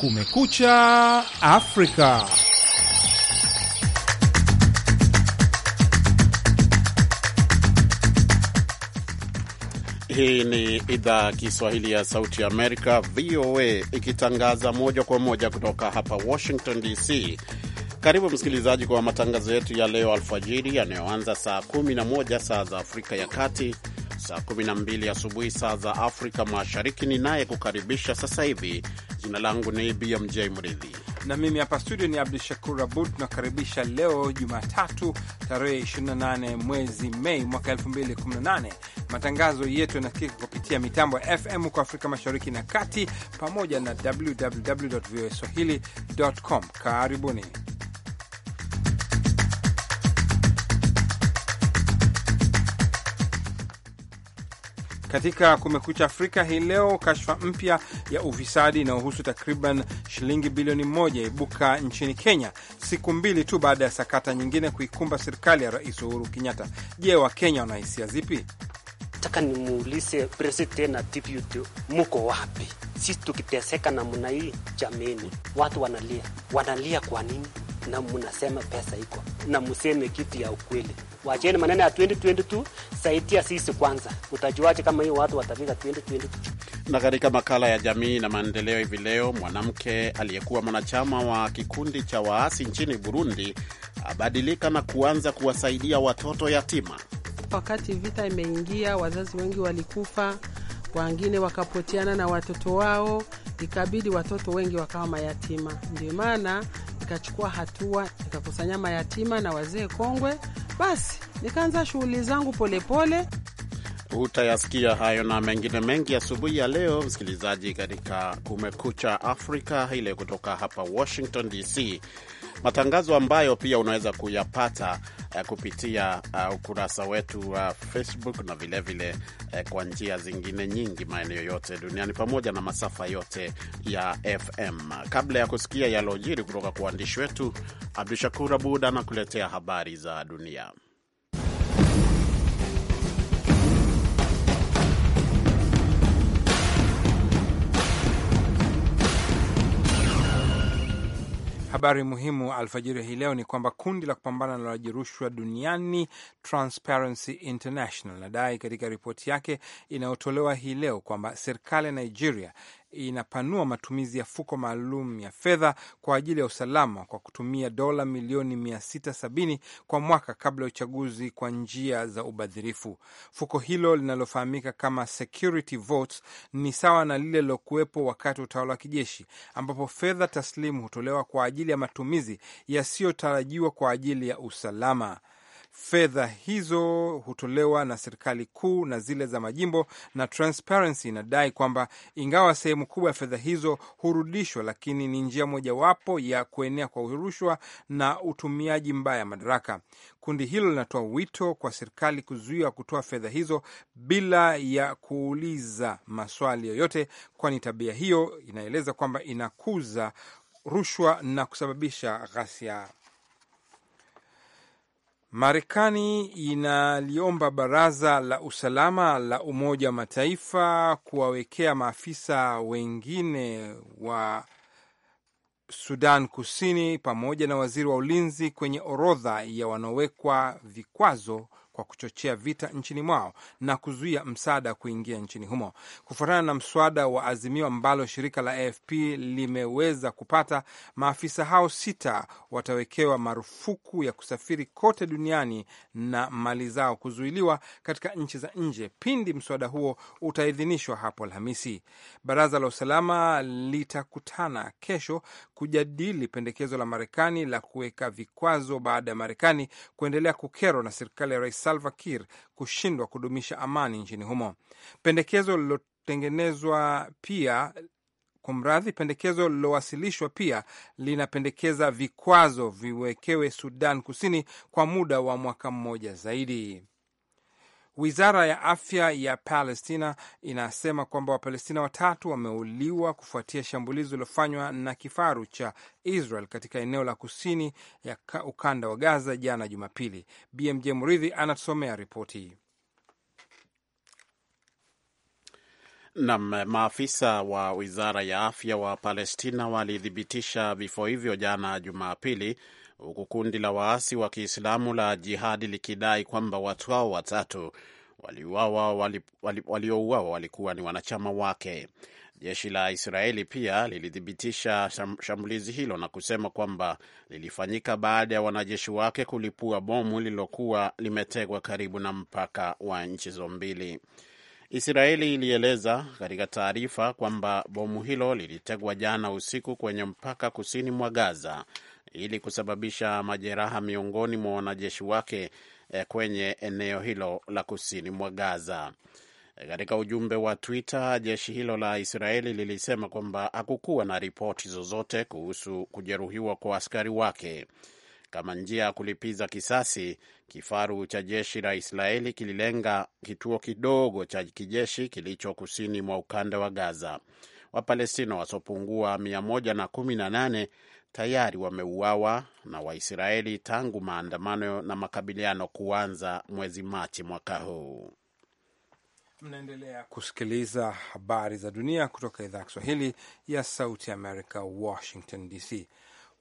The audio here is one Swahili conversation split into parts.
Kumekucha Afrika. Hii ni idhaa ya Kiswahili ya Sauti Amerika, VOA, ikitangaza moja kwa moja kutoka hapa Washington DC. Karibu msikilizaji kwa matangazo yetu ya leo alfajiri yanayoanza saa 11 saa za Afrika ya Kati saa 12 asubuhi saa za Afrika Mashariki. Ninaye kukaribisha sasa hivi, jina langu ni BMJ Mridhi na mimi hapa studio ni Abdu Shakur Abud. Tunakaribisha leo Jumatatu tarehe 28 mwezi Mei mwaka 2018. Matangazo yetu yanasikika kupitia mitambo ya FM kwa Afrika Mashariki na Kati pamoja na www voa swahili.com. Karibuni. Katika Kumekucha Afrika hii leo, kashfa mpya ya ufisadi inayohusu takriban shilingi bilioni moja ibuka nchini Kenya siku mbili tu baada ya sakata nyingine kuikumba serikali ya Rais Uhuru Kenyatta. Je, Wakenya wanahisia hisia zipi? Nataka nimuulize president na deputy, muko wapi? Sisi tukiteseka namna hii, jameni, watu wanalia, wanalia kwa nini? na mnasema pesa iko na mseme kitu ya ukweli. Wacheni maneno ya 2022 saidia sisi kwanza, utajuaje kama hiyo watu watafika 2022? Na katika makala ya jamii na maendeleo hivi leo, mwanamke aliyekuwa mwanachama wa kikundi cha waasi nchini Burundi abadilika na kuanza kuwasaidia watoto yatima. Wakati vita imeingia, wazazi wengi walikufa, wengine wakapoteana na watoto wao, ikabidi watoto wengi wakawa mayatima. Ndio maana nikachukua hatua, nikakusanya mayatima na wazee kongwe. Basi nikaanza shughuli zangu polepole. Utayasikia hayo na mengine mengi asubuhi ya, ya leo msikilizaji, katika Kumekucha Afrika ile kutoka hapa Washington DC matangazo ambayo pia unaweza kuyapata uh, kupitia uh, ukurasa wetu wa uh, Facebook na vilevile uh, eh, kwa njia zingine nyingi maeneo yote duniani pamoja na masafa yote ya FM. Kabla ya kusikia yalojiri kutoka kwa waandishi wetu, Abdu Shakur Abud anakuletea habari za dunia. Habari muhimu alfajiri hii leo ni kwamba kundi la kupambana na ulaji rushwa duniani Transparency International nadai katika ripoti yake inayotolewa hii leo kwamba serikali ya Nigeria inapanua matumizi ya fuko maalum ya fedha kwa ajili ya usalama kwa kutumia dola milioni 670 kwa mwaka kabla ya uchaguzi kwa njia za ubadhirifu. Fuko hilo linalofahamika kama security votes ni sawa na lile lilokuwepo wakati wa utawala wa kijeshi, ambapo fedha taslimu hutolewa kwa ajili ya matumizi yasiyotarajiwa kwa ajili ya usalama. Fedha hizo hutolewa na serikali kuu na zile za majimbo, na Transparency inadai kwamba ingawa sehemu kubwa ya fedha hizo hurudishwa, lakini ni njia mojawapo ya kuenea kwa rushwa na utumiaji mbaya madaraka. Kundi hilo linatoa wito kwa serikali kuzuia kutoa fedha hizo bila ya kuuliza maswali yoyote, kwani tabia hiyo inaeleza kwamba inakuza rushwa na kusababisha ghasia. Marekani inaliomba baraza la usalama la Umoja wa Mataifa kuwawekea maafisa wengine wa Sudan Kusini pamoja na waziri wa ulinzi kwenye orodha ya wanaowekwa vikwazo kwa kuchochea vita nchini mwao na kuzuia msaada kuingia nchini humo. Kufuatana na mswada wa azimio ambalo shirika la AFP limeweza kupata, maafisa hao sita watawekewa marufuku ya kusafiri kote duniani na mali zao kuzuiliwa katika nchi za nje pindi mswada huo utaidhinishwa hapo Alhamisi. Baraza la usalama litakutana kesho kujadili pendekezo la Marekani la kuweka vikwazo baada ya Marekani kuendelea kukerwa na serikali ya Rais Salva Kiir kushindwa kudumisha amani nchini humo. Pendekezo lililotengenezwa pia Kumradhi, pendekezo lilowasilishwa pia linapendekeza vikwazo viwekewe Sudan Kusini kwa muda wa mwaka mmoja zaidi. Wizara ya afya ya Palestina inasema kwamba Wapalestina watatu wameuliwa kufuatia shambulizi lilofanywa na kifaru cha Israel katika eneo la kusini ya ukanda wa Gaza jana Jumapili. BMJ Muridhi anatusomea ripoti hii. Nam, maafisa wa wizara ya afya wa Palestina walithibitisha vifo hivyo jana Jumapili huku kundi la waasi wa Kiislamu la Jihadi likidai kwamba watu hao watatu waliouawa wali, wali, wali walikuwa ni wanachama wake. Jeshi la Israeli pia lilithibitisha shambulizi hilo na kusema kwamba lilifanyika baada ya wanajeshi wake kulipua bomu lililokuwa limetegwa karibu na mpaka wa nchi hizo mbili. Israeli ilieleza katika taarifa kwamba bomu hilo lilitegwa jana usiku kwenye mpaka kusini mwa Gaza ili kusababisha majeraha miongoni mwa wanajeshi wake eh, kwenye eneo hilo la kusini mwa Gaza. Katika ujumbe wa Twitter, jeshi hilo la Israeli lilisema kwamba hakukuwa na ripoti zozote kuhusu kujeruhiwa kwa askari wake. Kama njia ya kulipiza kisasi, kifaru cha jeshi la Israeli kililenga kituo kidogo cha kijeshi kilicho kusini mwa ukanda wa Gaza. Wapalestina wasiopungua 118 tayari wameuawa na Waisraeli tangu maandamano na makabiliano kuanza mwezi Machi mwaka huu. Mnaendelea kusikiliza habari za dunia kutoka idhaa ya Kiswahili ya Sauti ya Amerika, Washington DC.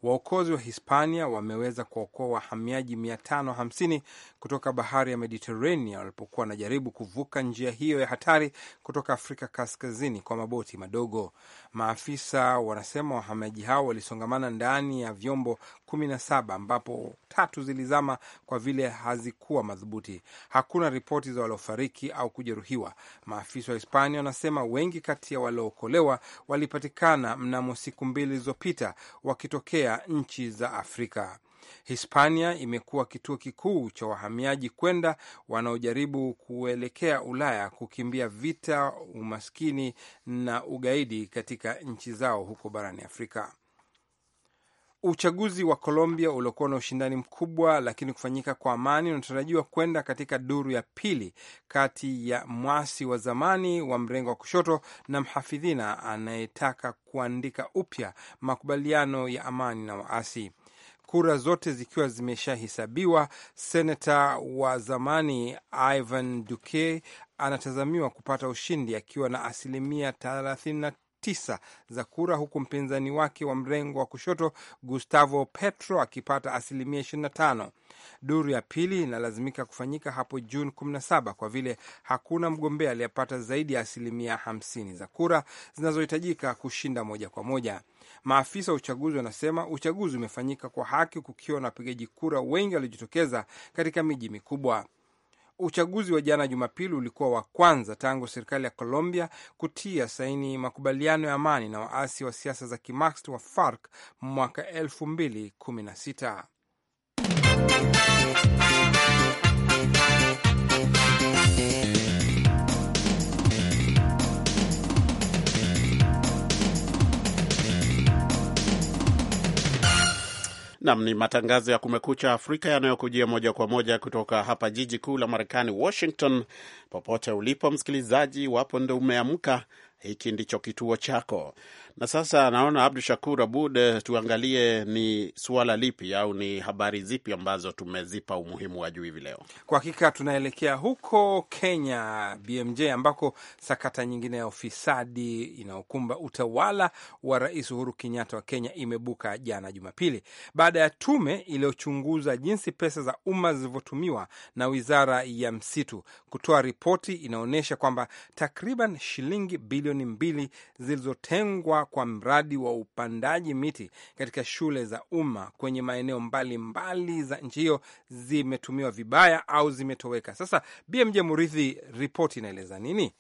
Waokozi wa Hispania wameweza kuokoa wahamiaji 550 kutoka bahari ya Mediterania walipokuwa wanajaribu kuvuka njia hiyo ya hatari kutoka Afrika kaskazini kwa maboti madogo. Maafisa wanasema wahamiaji hao walisongamana ndani ya vyombo kumi na saba ambapo tatu zilizama kwa vile hazikuwa madhubuti. Hakuna ripoti za waliofariki au kujeruhiwa. Maafisa wa Hispania wanasema wengi kati ya waliookolewa walipatikana mnamo siku mbili zilizopita wakitokea nchi za Afrika. Hispania imekuwa kituo kikuu cha wahamiaji kwenda wanaojaribu kuelekea Ulaya kukimbia vita, umaskini na ugaidi katika nchi zao huko barani Afrika. Uchaguzi wa Colombia uliokuwa na ushindani mkubwa lakini kufanyika kwa amani unatarajiwa kwenda katika duru ya pili kati ya mwasi wa zamani wa mrengo wa kushoto na mhafidhina anayetaka kuandika upya makubaliano ya amani na waasi. Kura zote zikiwa zimeshahesabiwa, senata wa zamani Ivan Duque anatazamiwa kupata ushindi akiwa na asilimia tisa za kura huku mpinzani wake wa mrengo wa kushoto Gustavo Petro akipata asilimia 25. Duru ya pili inalazimika kufanyika hapo Juni 17 kwa vile hakuna mgombea aliyepata zaidi ya asilimia 50 za kura zinazohitajika kushinda moja kwa moja. Maafisa wa uchaguzi wanasema uchaguzi umefanyika kwa haki kukiwa na wapigaji kura wengi waliojitokeza katika miji mikubwa uchaguzi wa jana Jumapili ulikuwa wa kwanza tangu serikali ya Colombia kutia saini makubaliano ya amani na waasi wa siasa za kimaxt wa FARC mwaka 216 Nam ni matangazo ya Kumekucha Afrika yanayokujia moja kwa moja kutoka hapa jiji kuu la Marekani, Washington. Popote ulipo msikilizaji, wapo ndo umeamka, hiki ndicho kituo chako. Na sasa naona Abdu Shakur Abud, eh, tuangalie ni suala lipi au ni habari zipi ambazo tumezipa umuhimu wa juu hivi leo. Kwa hakika tunaelekea huko Kenya, BMJ, ambako sakata nyingine ya ufisadi inayokumba utawala wa Rais Uhuru Kenyatta wa Kenya imebuka jana Jumapili baada ya tume iliyochunguza jinsi pesa za umma zilivyotumiwa na wizara ya msitu kutoa ripoti inaonyesha kwamba takriban shilingi bilioni mbili zilizotengwa kwa mradi wa upandaji miti katika shule za umma kwenye maeneo mbalimbali mbali za nchi hiyo zimetumiwa vibaya au zimetoweka. Sasa BMJ Muridhi, ripoti inaeleza nini?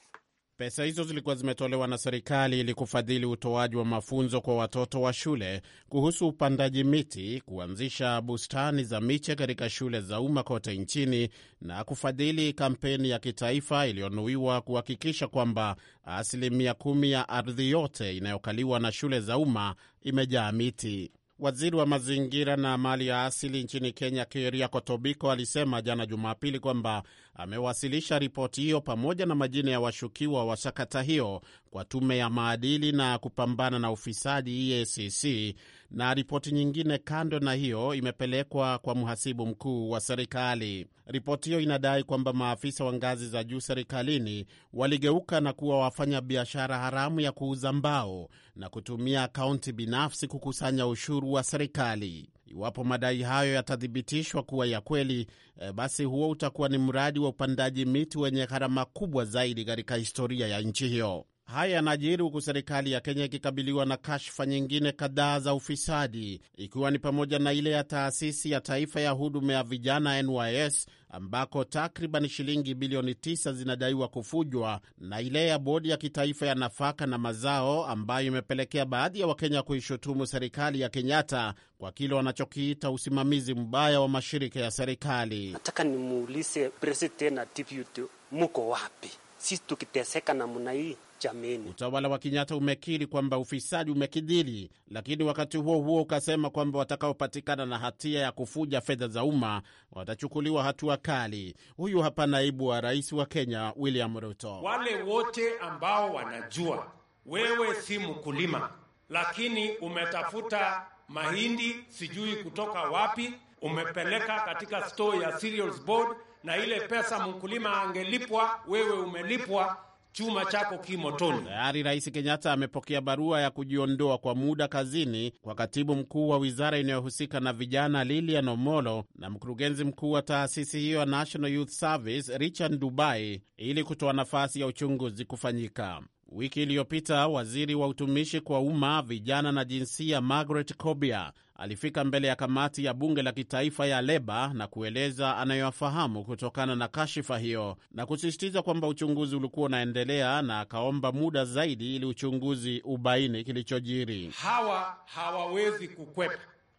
Pesa hizo zilikuwa zimetolewa na serikali ili kufadhili utoaji wa mafunzo kwa watoto wa shule kuhusu upandaji miti, kuanzisha bustani za miche katika shule za umma kote nchini na kufadhili kampeni ya kitaifa iliyonuiwa kuhakikisha kwamba asilimia kumi ya ardhi yote inayokaliwa na shule za umma imejaa miti. Waziri wa mazingira na mali ya asili nchini Kenya, Keriako Tobiko, alisema jana Jumapili kwamba amewasilisha ripoti hiyo pamoja na majina ya washukiwa wa sakata hiyo kwa tume ya maadili na kupambana na ufisadi EACC, na ripoti nyingine kando na hiyo imepelekwa kwa mhasibu mkuu wa serikali. Ripoti hiyo inadai kwamba maafisa wa ngazi za juu serikalini waligeuka na kuwa wafanya biashara haramu ya kuuza mbao na kutumia akaunti binafsi kukusanya ushuru wa serikali. Iwapo madai hayo yatathibitishwa kuwa ya kweli, eh, basi huo utakuwa ni mradi wa upandaji miti wenye gharama kubwa zaidi katika historia ya nchi hiyo. Haya yanajiri huku serikali ya Kenya ikikabiliwa na kashfa nyingine kadhaa za ufisadi, ikiwa ni pamoja na ile ya taasisi ya taifa ya huduma ya vijana NYS ambako takriban shilingi bilioni 9 zinadaiwa kufujwa na ile ya bodi ya kitaifa ya nafaka na mazao ambayo imepelekea baadhi ya Wakenya kuishutumu serikali ya Kenyatta kwa kile wanachokiita usimamizi mbaya wa mashirika ya serikali. Nataka nimuulize president na deputy, muko wapi? Sisi tukiteseka namna hii jamini. Utawala wa Kenyatta umekiri kwamba ufisadi umekidhiri, lakini wakati huo huo ukasema kwamba watakaopatikana na hatia ya kufuja fedha za umma watachukuliwa hatua kali. Huyu hapa naibu wa rais wa Kenya William Ruto. Wale wote ambao wanajua wewe si mkulima, lakini umetafuta mahindi sijui kutoka wapi, umepeleka katika store ya cereals board, na ile pesa mkulima angelipwa, wewe umelipwa chuma chako kimotoni. Tayari Rais Kenyatta amepokea barua ya kujiondoa kwa muda kazini kwa katibu mkuu wa wizara inayohusika na vijana Lilian Omolo na mkurugenzi mkuu wa taasisi hiyo ya National Youth Service Richard Dubai ili kutoa nafasi ya uchunguzi kufanyika. Wiki iliyopita waziri wa utumishi kwa umma, vijana na jinsia Margaret Kobia alifika mbele ya kamati ya bunge la kitaifa ya Leba na kueleza anayoyafahamu kutokana na kashifa hiyo na kusisitiza kwamba uchunguzi ulikuwa unaendelea na akaomba muda zaidi ili uchunguzi ubaini kilichojiri. Hawa hawawezi kukwepa,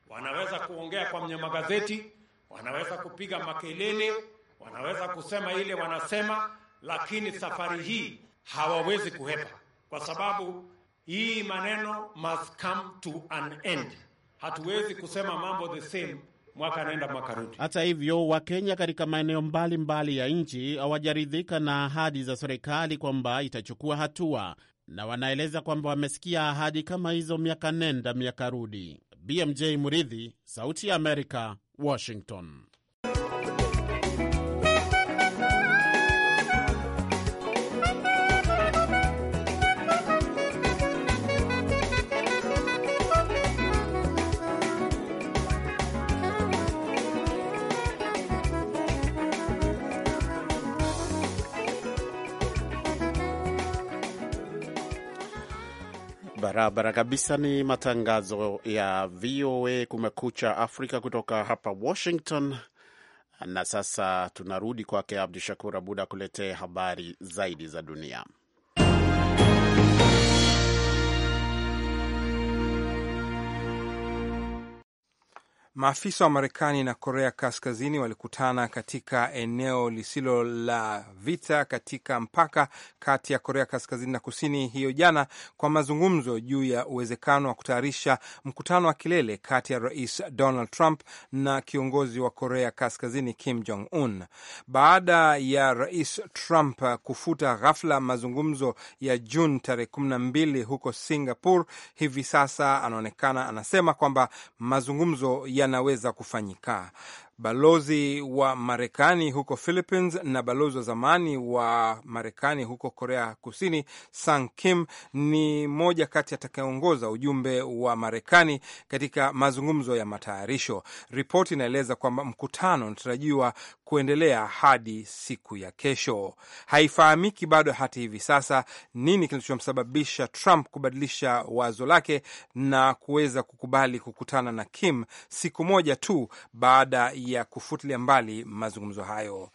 wanaweza kuongea kwa magazeti, wanaweza kupiga makelele, wanaweza kusema ile wanasema, lakini safari hii hawawezi kuhepa, kwa sababu hii maneno must come to an end. Hatuwezi kusema mambo the same mwaka nenda mwaka rudi. Hata hivyo, Wakenya katika maeneo mbalimbali ya nchi hawajaridhika na ahadi za serikali kwamba itachukua hatua, na wanaeleza kwamba wamesikia ahadi kama hizo miaka nenda miaka rudi. BMJ Muridhi, Sauti ya Amerika, Washington. Barabara kabisa, ni matangazo ya VOA Kumekucha Afrika kutoka hapa Washington. Na sasa tunarudi kwake Abdu Shakur Abud akuletee habari zaidi za dunia. Maafisa wa Marekani na Korea Kaskazini walikutana katika eneo lisilo la vita katika mpaka kati ya Korea Kaskazini na Kusini hiyo jana kwa mazungumzo juu ya uwezekano wa kutayarisha mkutano wa kilele kati ya Rais Donald Trump na kiongozi wa Korea Kaskazini Kim Jong Un. Baada ya Rais Trump kufuta ghafla mazungumzo ya Juni tarehe 12 huko Singapore, hivi sasa anaonekana anasema kwamba mazungumzo ya yanaweza kufanyika. Balozi wa Marekani huko Philippines na balozi wa zamani wa Marekani huko Korea Kusini, Sang Kim, ni moja kati atakayeongoza ujumbe wa Marekani katika mazungumzo ya matayarisho. Ripoti inaeleza kwamba mkutano unatarajiwa kuendelea hadi siku ya kesho. Haifahamiki bado hata hivi sasa nini kilichomsababisha Trump kubadilisha wazo lake na kuweza kukubali kukutana na Kim siku moja tu baada ya kufutilia mbali mazungumzo hayo.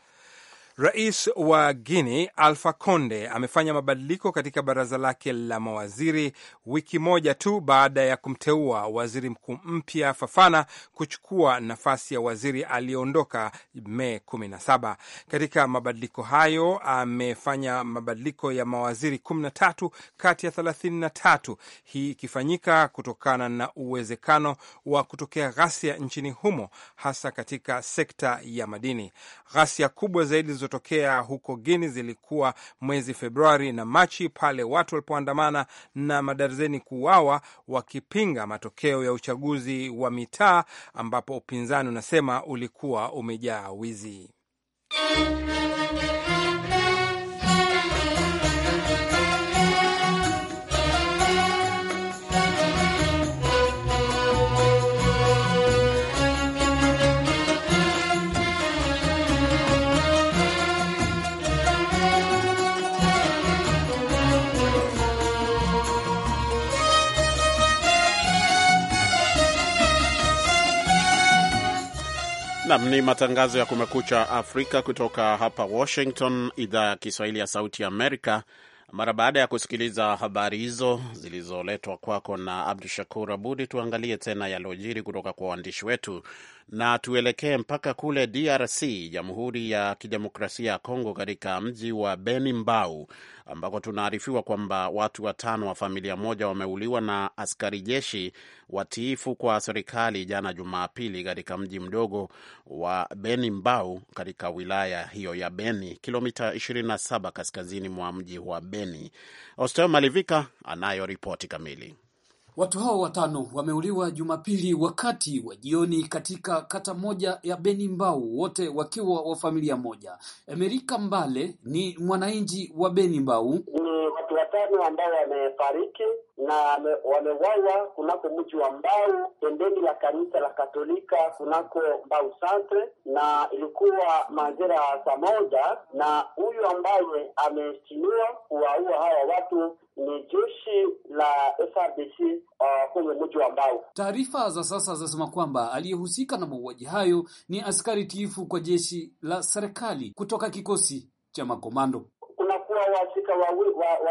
Rais wa Guini Alfa Conde amefanya mabadiliko katika baraza lake la mawaziri wiki moja tu baada ya kumteua waziri mkuu mpya Fafana kuchukua nafasi ya waziri aliyeondoka Mei 17. Katika mabadiliko hayo amefanya mabadiliko ya mawaziri 13 kati ya 33, hii ikifanyika kutokana na uwezekano wa kutokea ghasia nchini humo, hasa katika sekta ya madini. Ghasia kubwa zaidi zilizotokea huko Guini zilikuwa mwezi Februari na Machi, pale watu walipoandamana na madarzeni kuuawa wakipinga matokeo ya uchaguzi wa mitaa, ambapo upinzani unasema ulikuwa umejaa wizi. Nam ni matangazo ya Kumekucha Afrika kutoka hapa Washington, idhaa ya Kiswahili ya Sauti ya Amerika. Mara baada ya kusikiliza habari hizo zilizoletwa kwako na Abdu Shakur Abudi, tuangalie tena yaliyojiri kutoka kwa waandishi wetu na tuelekee mpaka kule DRC, Jamhuri ya Kidemokrasia ya Kongo, katika mji wa Beni Mbau ambako tunaarifiwa kwamba watu watano wa familia moja wameuliwa na askari jeshi watiifu kwa serikali jana Jumapili katika mji mdogo wa Beni Mbau katika wilaya hiyo ya Beni, kilomita 27 kaskazini mwa mji wa Beni. Ostel Malivika anayo ripoti kamili. Watu hao watano wameuliwa Jumapili wakati wa jioni katika kata moja ya Beni Mbau, wote wakiwa wa familia moja. Emerika Mbale ni mwananchi wa Beni Mbau. Mm, watano ambao wamefariki na wamewawa kunako mji wa Mbau pembeni la kanisa la Katolika kunako Mbau Centre, na ilikuwa majira ya saa moja, na huyu ambaye ameshiniwa kuwaua hawa watu ni jeshi la frdc uh, kwenye uh, mji wa mbao Taarifa za sasa zinasema kwamba aliyehusika na mauaji hayo ni askari tiifu kwa jeshi la serikali kutoka kikosi cha makomando wasika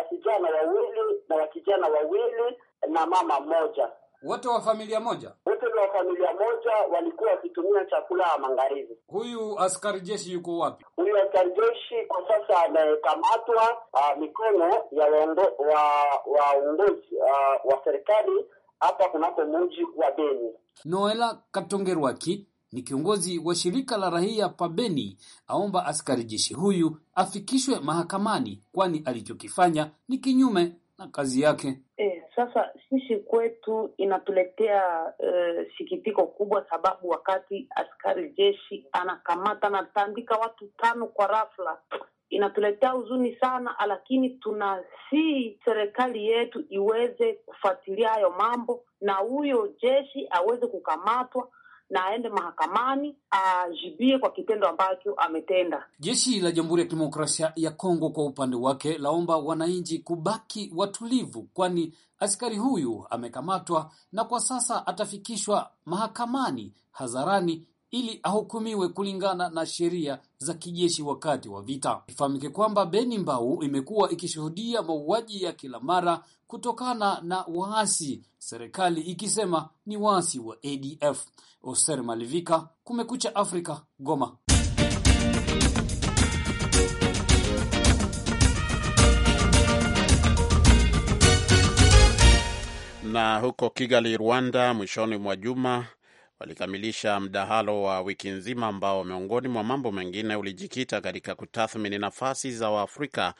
wasichana wa, wa wawili na wakijana wawili na mama mmoja, wote wa familia moja, wote wa familia moja, walikuwa wakitumia chakula ya magharibi. Huyu askari jeshi yuko wapi? Huyu askari jeshi kwa sasa amekamatwa ah, mikono ya waongozi wa, wa, ah, wa serikali hapa kunako muji wa Beni. Noela Katongerwaki ni kiongozi wa shirika la raia Pabeni aomba askari jeshi huyu afikishwe mahakamani, kwani alichokifanya ni kinyume na kazi yake. E, sasa sisi kwetu inatuletea e, sikitiko kubwa, sababu wakati askari jeshi anakamata na tandika watu tano kwa rafla inatuletea huzuni sana, lakini tunasii serikali yetu iweze kufuatilia hayo mambo na huyo jeshi aweze kukamatwa na aende mahakamani ajibie kwa kitendo ambacho ametenda. Jeshi la Jamhuri ya Kidemokrasia ya Kongo kwa upande wake laomba wananchi kubaki watulivu, kwani askari huyu amekamatwa na kwa sasa atafikishwa mahakamani hadharani ili ahukumiwe kulingana na sheria za kijeshi wakati wa vita. Ifahamike kwamba Beni Mbau imekuwa ikishuhudia mauaji ya kila mara kutokana na waasi, serikali ikisema ni waasi wa ADF. Oser Malivika, Kumekucha Afrika, Goma. Na huko Kigali, Rwanda, mwishoni mwa juma walikamilisha mdahalo wa wiki nzima ambao miongoni mwa mambo mengine ulijikita katika kutathmini nafasi za Waafrika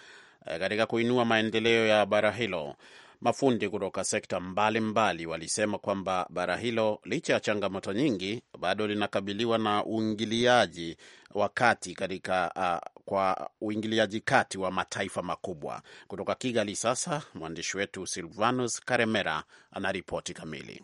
eh, katika kuinua maendeleo ya bara hilo. Mafundi kutoka sekta mbalimbali mbali walisema kwamba bara hilo licha ya changamoto nyingi bado linakabiliwa na uingiliaji wa kati katika uh, kwa uingiliaji kati wa mataifa makubwa. Kutoka Kigali sasa mwandishi wetu Silvanus Karemera anaripoti kamili.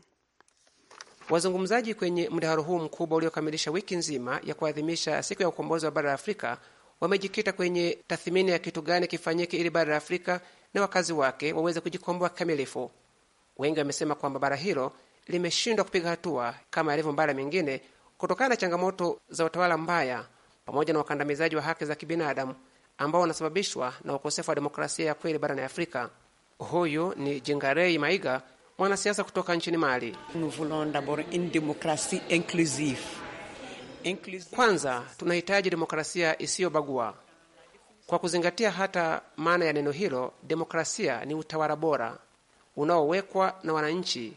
Wazungumzaji kwenye mdaharo huu mkubwa uliokamilisha wiki nzima ya kuadhimisha siku ya ukombozi wa bara la Afrika wamejikita kwenye tathmini ya kitu gani kifanyike ili bara la Afrika na wakazi wake waweze kujikomboa kikamilifu. Wengi wamesema kwamba bara hilo limeshindwa kupiga hatua kama yalivyo mabara mengine kutokana na changamoto za utawala mbaya pamoja na wakandamizaji wa haki za kibinadamu ambao wanasababishwa na ukosefu wa demokrasia ya kweli barani Afrika. Huyu ni Jingarei Maiga mwanasiasa kutoka nchini Mali. Kwanza tunahitaji demokrasia isiyobagua kwa kuzingatia hata maana ya neno hilo. Demokrasia ni utawala bora unaowekwa na wananchi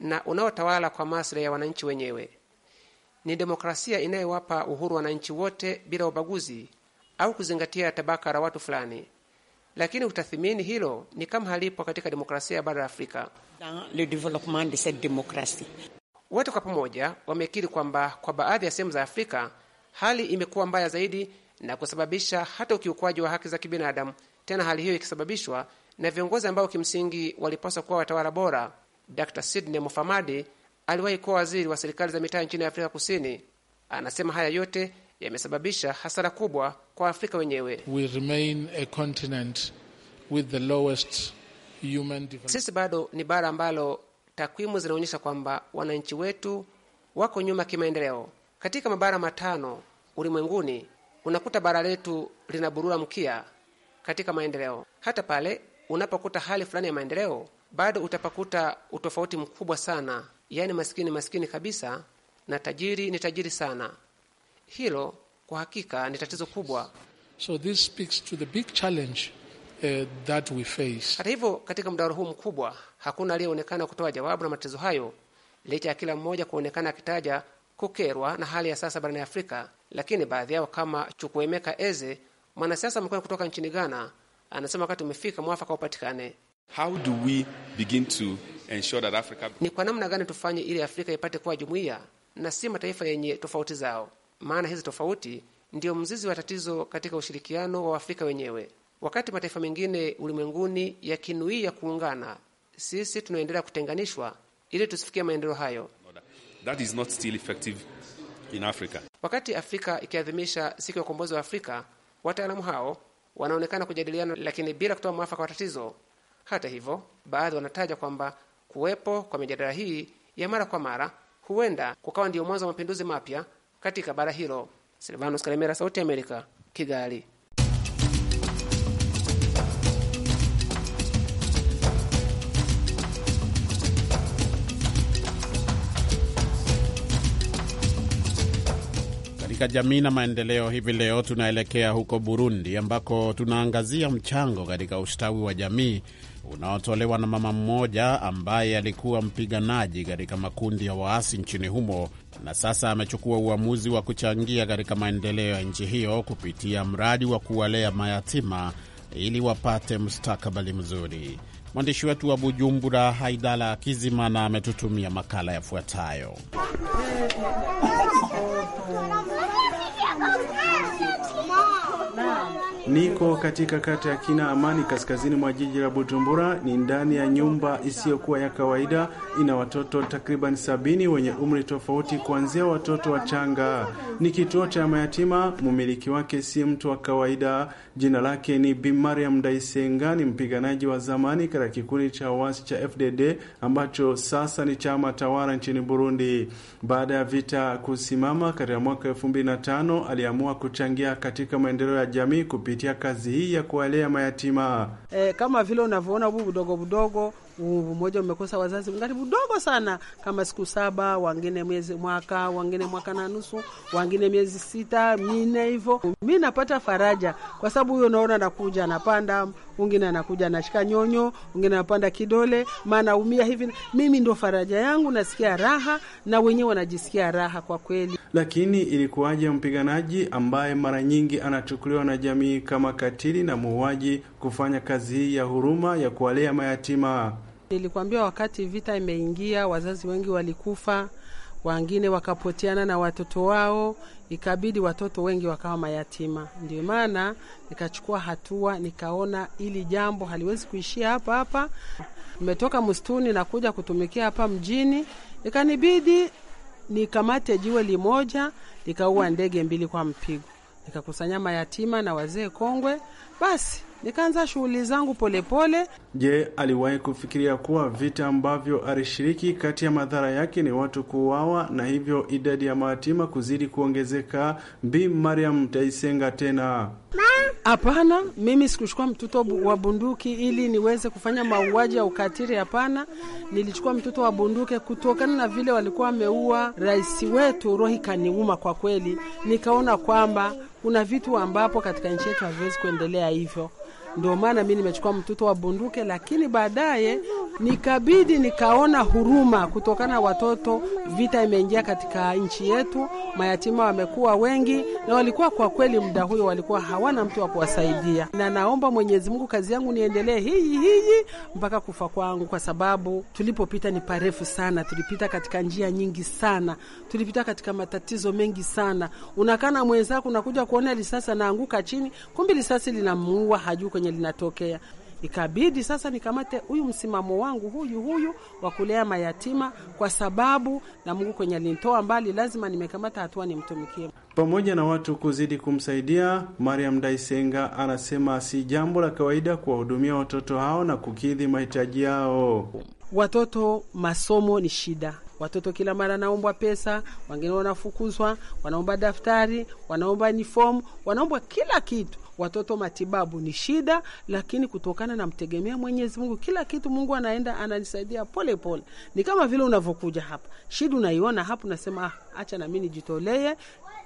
na unaotawala kwa maslahi ya wananchi wenyewe. Ni demokrasia inayowapa uhuru wananchi wote bila ubaguzi au kuzingatia tabaka la watu fulani lakini utathimini hilo ni kama halipo katika demokrasia ya bara la Afrika. Wote kwa pamoja wamekiri kwamba kwa baadhi ya sehemu za Afrika hali imekuwa mbaya zaidi na kusababisha hata ukiukwaji wa haki za kibinadamu, tena hali hiyo ikisababishwa na viongozi ambao kimsingi walipaswa kuwa watawala bora. Dr Sidney Mufamadi aliwahi kuwa waziri wa serikali za mitaa nchini Afrika Kusini. Anasema haya yote yamesababisha hasara kubwa kwa Afrika wenyewe. We remain a continent with the lowest human development. Sisi bado ni bara ambalo takwimu zinaonyesha kwamba wananchi wetu wako nyuma kimaendeleo. Katika mabara matano ulimwenguni unakuta bara letu lina burura mkia katika maendeleo. Hata pale unapokuta hali fulani ya maendeleo, bado utapakuta utofauti mkubwa sana, yaani masikini masikini kabisa na tajiri ni tajiri sana. Hilo kwa hakika ni tatizo kubwa. So this speaks to the big challenge uh, that we face. Hata hivyo, katika mdaro huu mkubwa hakuna aliyeonekana kutoa jawabu na matatizo hayo, licha ya kila mmoja kuonekana akitaja kukerwa na hali ya sasa barani Afrika, lakini baadhi yao kama Chukwuemeka Eze, mwanasiasa mkuu kutoka nchini Ghana, anasema wakati umefika mwafaka upatikane. How do we begin to ensure that Africa... ni kwa namna gani tufanye ili Afrika ipate kuwa jumuiya na si mataifa yenye tofauti zao. Maana hizi tofauti ndio mzizi wa tatizo katika ushirikiano wa Waafrika wenyewe. Wakati mataifa mengine ulimwenguni yakinuia kuungana, sisi tunaendelea kutenganishwa ili tusifikie maendeleo hayo. That is not still effective in Africa. Wakati Afrika ikiadhimisha siku ya ukombozi wa Afrika, wataalamu hao wanaonekana kujadiliana, lakini bila kutoa mwafaka wa tatizo. Hata hivyo, baadhi wanataja kwamba kuwepo kwa mijadala hii ya mara kwa mara huenda kukawa ndio mwanzo wa mapinduzi mapya katika bara hilo. Silvanus Karemera, Sauti ya Amerika, Kigali. Katika jamii na maendeleo, hivi leo tunaelekea huko Burundi ambako tunaangazia mchango katika ustawi wa jamii unaotolewa na mama mmoja ambaye alikuwa mpiganaji katika makundi ya waasi nchini humo na sasa amechukua uamuzi wa kuchangia katika maendeleo ya nchi hiyo kupitia mradi wa kuwalea mayatima ili wapate mustakabali mzuri. Mwandishi wetu wa Bujumbura, Haidala Kizimana, ametutumia makala yafuatayo. Niko katika kata ya Kina Amani, kaskazini mwa jiji la Bujumbura. Ni ndani ya nyumba isiyokuwa ya kawaida, ina watoto takriban sabini wenye umri tofauti, kuanzia watoto wachanga. Ni kituo cha mayatima. Mumiliki wake si mtu wa kawaida. Jina lake ni Bi Mariam Daisenga, ni mpiganaji wa zamani katika kikundi cha wasi cha FDD ambacho sasa ni chama tawala nchini Burundi. Baada ya vita kusimama katika mwaka elfu mbili na tano aliamua kuchangia katika maendeleo ya jamii kupitia kupitia kazi hii ya kuwalea mayatima. E, kama vile unavyoona huu budogo budogo mmoja umekosa wazazi ngati budogo sana, kama siku saba, wangine mwezi mwaka, wangine mwaka na nusu, wangine miezi sita mine hivo Mi napata faraja kwa sababu huyo, unaona nakuja anapanda wengine anakuja anashika nyonyo, wengine anapanda kidole, maana umia hivi. Mimi ndo faraja yangu, nasikia raha na wenyewe wanajisikia raha kwa kweli. Lakini ilikuwaje mpiganaji ambaye mara nyingi anachukuliwa na jamii kama katili na muuaji kufanya kazi hii ya huruma ya kuwalea mayatima? Nilikuambia wakati vita imeingia, wazazi wengi walikufa wengine wakapoteana na watoto wao, ikabidi watoto wengi wakawa mayatima. Ndio maana nikachukua hatua, nikaona ili jambo haliwezi kuishia hapa hapa. Nimetoka msituni na kuja kutumikia hapa mjini, ikanibidi nikamate jiwe limoja, likaua ndege mbili kwa mpigo, nikakusanya mayatima na wazee kongwe, basi nikaanza shughuli zangu polepole. Je, aliwahi kufikiria kuwa vita ambavyo alishiriki kati ya madhara yake ni watu kuuawa na hivyo idadi ya mahatima kuzidi kuongezeka? Bi Mariam Taisenga tena Hapana, mimi sikuchukua mtoto wa bunduki ili niweze kufanya mauaji ya ukatili. Hapana, nilichukua mtoto wa bunduki kutokana na vile walikuwa wameua rais wetu rohi kaniuma. Kwa kweli, nikaona kwamba kuna vitu ambapo katika nchi yetu haviwezi kuendelea hivyo. Ndio maana mi nimechukua mtoto wa bunduke, lakini baadaye nikabidi nikaona huruma kutokana na watoto. Vita imeingia katika nchi yetu, mayatima wamekuwa wengi, na walikuwa kwa kweli, muda huyo walikuwa hawana mtu wa kuwasaidia, na naomba Mwenyezi Mungu kazi yangu niendelee hii hii mpaka kufa kwangu, kwa sababu tulipopita ni parefu sana, tulipita katika njia nyingi sana, tulipita katika matatizo mengi sana. Unakana mwenzako, unakuja kuona lisasi, anaanguka chini, kumbe lisasi linamuua, hajui kwenye linatokea. Ikabidi sasa nikamate huyu msimamo wangu huyu huyu wa kulea mayatima, kwa sababu na Mungu kwenye alinitoa mbali, lazima nimekamata hatua nimtumikie. Pamoja na watu kuzidi kumsaidia, Mariam Daisenga anasema si jambo la kawaida kuwahudumia watoto hao na kukidhi mahitaji yao. Watoto masomo ni shida. Watoto kila mara naombwa pesa, wengine wanafukuzwa, wanaomba daftari, wanaomba uniform, wanaomba kila kitu watoto matibabu ni shida, lakini kutokana na mtegemea Mwenyezi Mungu kila kitu Mungu anaenda ananisaidia pole pole. Ni kama vile unavyokuja hapa, shida unaiona hapa, unasema ah, acha na mimi nijitolee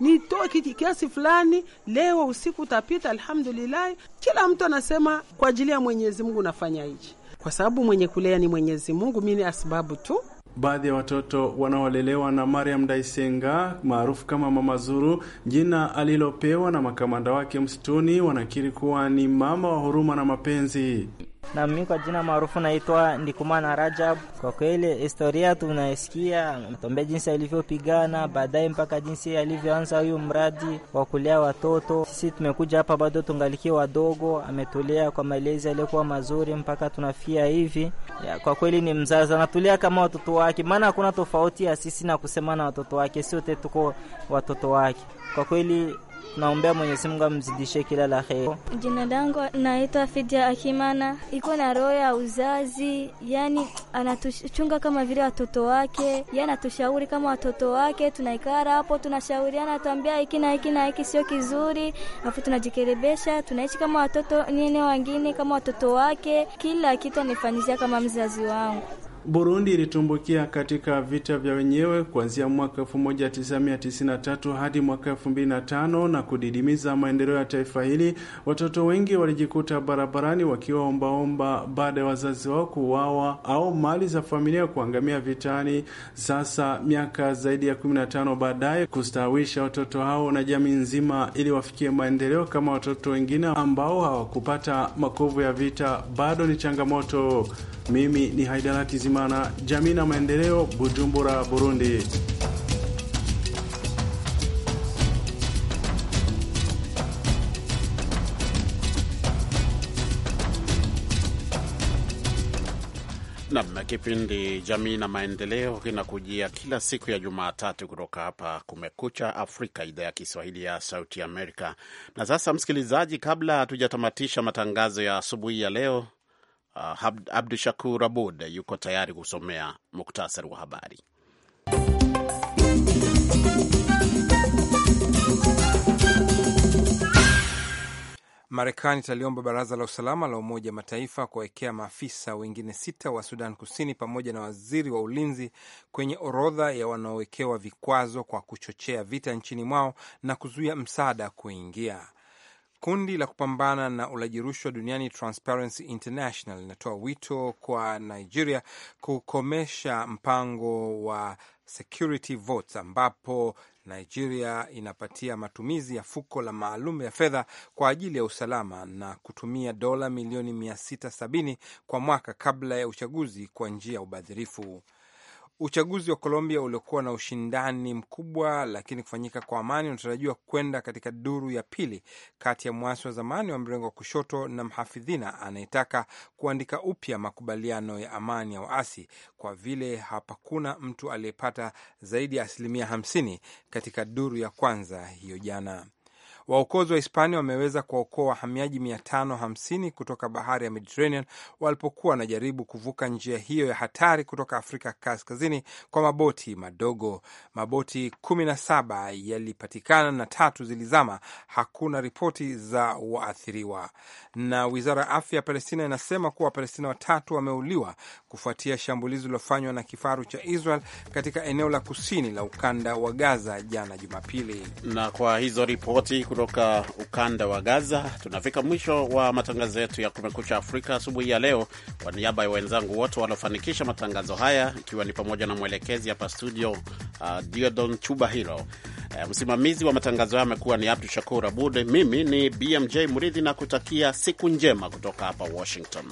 nitoe kiasi fulani, leo usiku utapita, alhamdulillah. Kila mtu anasema kwa ajili ya Mwenyezi Mungu nafanya hichi, kwa sababu mwenye kulea ni Mwenyezi Mungu, mimi ni asbabu tu baadhi ya watoto wanaolelewa na Mariam Daisenga maarufu kama Mama Zuru, jina alilopewa na makamanda wake msituni, wanakiri kuwa ni mama wa huruma na mapenzi. Na mimi kwa jina maarufu naitwa Ndikumana Rajab. Kwa kweli historia tunaisikia Mtombe jinsi alivyopigana baadaye mpaka jinsi alivyoanza huyu mradi wa kulea watoto. Sisi tumekuja hapa bado tungaliki wadogo, ametulea kwa malezi yaliyokuwa mazuri mpaka tunafia hivi. Ya, kwa kweli ni mzazi anatulia kama watoto wake, maana hakuna tofauti ya sisi na kusema na watoto wake, sote tuko watoto wake. Kwa kweli Naombea Mwenyezi Mungu amzidishie kila la heri. Jina langu naitwa Fidia Akimana, iko na roho ya uzazi, yani anatuchunga kama vile watoto wake, yeye anatushauri kama watoto wake. Tunaikara hapo tunashauriana, tuambia hiki na hiki na hiki sio kizuri, afu tunajikerebesha, tunaishi kama watoto nene wengine, kama watoto wake. Kila kitu anifanyizia kama mzazi wangu. Burundi ilitumbukia katika vita vya wenyewe kuanzia mwaka 1993 hadi mwaka 2005 na kudidimiza maendeleo ya taifa hili. Watoto wengi walijikuta barabarani wakiwaombaomba baada ya wazazi wao kuuawa au mali za familia kuangamia vitani. Sasa miaka zaidi ya 15 baadaye, kustawisha watoto hao na jamii nzima ili wafikie maendeleo kama watoto wengine ambao hawakupata makovu ya vita bado ni changamoto. Mimi ni Haidarati Imana, jamii na maendeleo, Bujumbura, Burundi. Nam, kipindi Jamii na Maendeleo kinakujia kila siku ya Jumatatu kutoka hapa Kumekucha Afrika, idhaa ya Kiswahili ya Sauti Amerika. Na sasa, msikilizaji, kabla hatujatamatisha matangazo ya asubuhi ya leo, uh, Abdu Shakur Abud yuko tayari kusomea muktasari wa habari. Marekani italiomba baraza la usalama la Umoja Mataifa kuwawekea maafisa wengine sita wa Sudan Kusini pamoja na waziri wa ulinzi kwenye orodha ya wanaowekewa vikwazo kwa kuchochea vita nchini mwao na kuzuia msaada kuingia. Kundi la kupambana na ulaji rushwa duniani Transparency International linatoa wito kwa Nigeria kukomesha mpango wa security votes ambapo Nigeria inapatia matumizi ya fuko la maalum ya fedha kwa ajili ya usalama na kutumia dola milioni 670 kwa mwaka kabla ya uchaguzi kwa njia ya ubadhirifu. Uchaguzi wa Colombia uliokuwa na ushindani mkubwa lakini kufanyika kwa amani unatarajiwa kwenda katika duru ya pili kati ya mwasi wa zamani wa mrengo wa kushoto na mhafidhina anayetaka kuandika upya makubaliano ya amani ya waasi, kwa vile hapakuna mtu aliyepata zaidi ya asilimia hamsini katika duru ya kwanza hiyo jana. Waokozi wa Hispania wameweza kuwaokoa wahamiaji 550 kutoka bahari ya Mediterranean walipokuwa wanajaribu kuvuka njia hiyo ya hatari kutoka Afrika kaskazini kwa maboti madogo. Maboti 17 yalipatikana na tatu zilizama. Hakuna ripoti za waathiriwa. Na wizara ya afya ya Palestina inasema kuwa Wapalestina watatu wameuliwa kufuatia shambulizi lilofanywa na kifaru cha Israel katika eneo la kusini la ukanda wa Gaza jana Jumapili. Na kwa hizo ripoti kutoka ukanda wa Gaza. Tunafika mwisho wa matangazo yetu ya Kumekucha Afrika asubuhi ya leo. Kwa niaba ya wenzangu wote wanaofanikisha matangazo haya, ikiwa ni pamoja na mwelekezi hapa studio uh, Diodon Chuba hilo uh, eh, msimamizi wa matangazo haya amekuwa ni Abdu Shakur Abud. Mimi ni BMJ mridhi na kutakia siku njema kutoka hapa Washington.